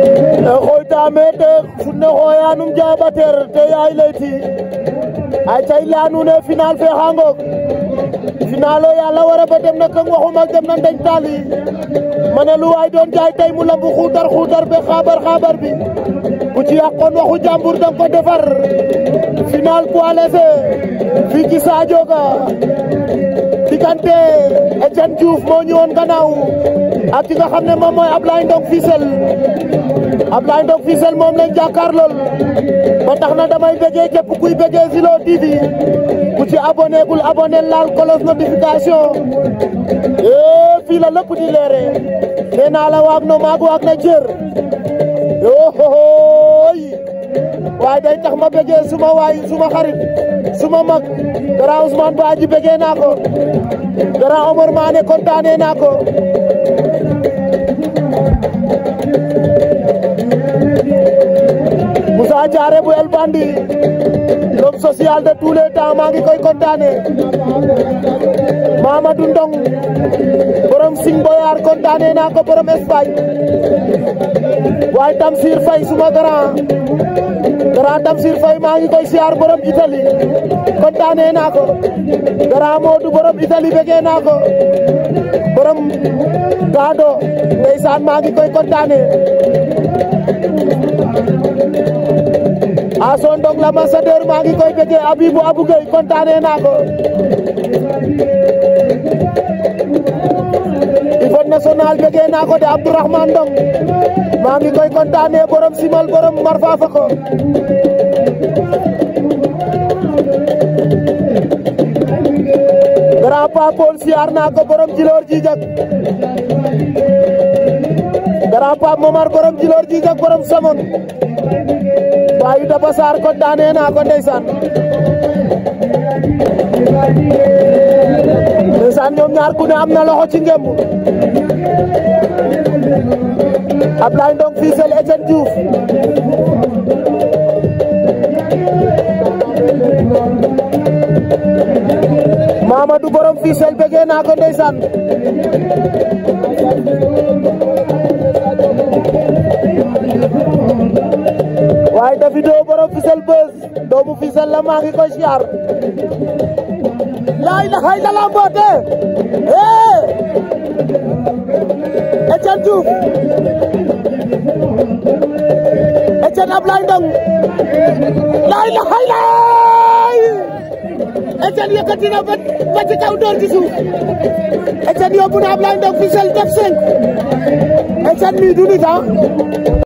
e xoytame te ne xoyanum jabater te yaay leyti aca i leya nuun e final fe xa wara ba dem na keng waxu dem na ndeñ taali mane lu doon jaay tey mu lambu xutar xutar be xabar xabar bi ku ci yàqoon waxu jàmbur dang ko defar final poids léger fii ci Sadio Ga diggante Etienne Diouf moo ñëwoon gannaaw ak ki nga xam ne moom mooy Ablaye Ndong Fissel Ablaye Ndong Fissel moom lañ jàkkaar lool ba na damay bëggee képp kuy bëggee Zilo TV ku ci abonné gul laal cloche notification ee eh, fii la di leere nee naa la waag waag na cër yoo waaye day tax ma bëggee suma waay suma xarit suma mag Grand Ousmane Badji bëggee naa ko Grand Omar Mané kontaanee naa ko मुसाचारे बुएल पांडी लोग सोशल दे टूले टामांगी कोई कोटा ने मामा डुंडंग परम सिंह बोयार कोटा ने ना को परम एसपाई वाइटम सिरफाई सुमगरा गराटम सिरफाई मांगी कोई सियार परम इटली कोटा ने ना को गरामोड परम इटली बेगे ना को परम गाडो नेसान मांगी कोई कोटा ने Assane Ndong l'ambassadeur maa ngi koy bëggee Abibou Abou Gueye kontaanee naa ko Yvonne national bëggee naa ko de Abdourahmane Ndong maa ngi koy kontaanee borom simal borom mbar faafa ko grand papol siyaar ko borom jiloor ji jak Momar borom jiloor ji borom samon Bayu Daba Sarr ko daane naa ko ndeysaan ndeysaan ñoom ñaar ku ne am na loxo ci ngemb Ablaye Ndong Fissel Etienne Diouf Mamadou Borom Fissel bëggee naa ko ndeysaan waaye Davido borom Fissel Beuz doomu Fissel la maa ngi koy siyaar laa ilaha ba ba ci door ci suuf Etienne yóbbu na Ablaye Ndong Fissel def cinq Etienne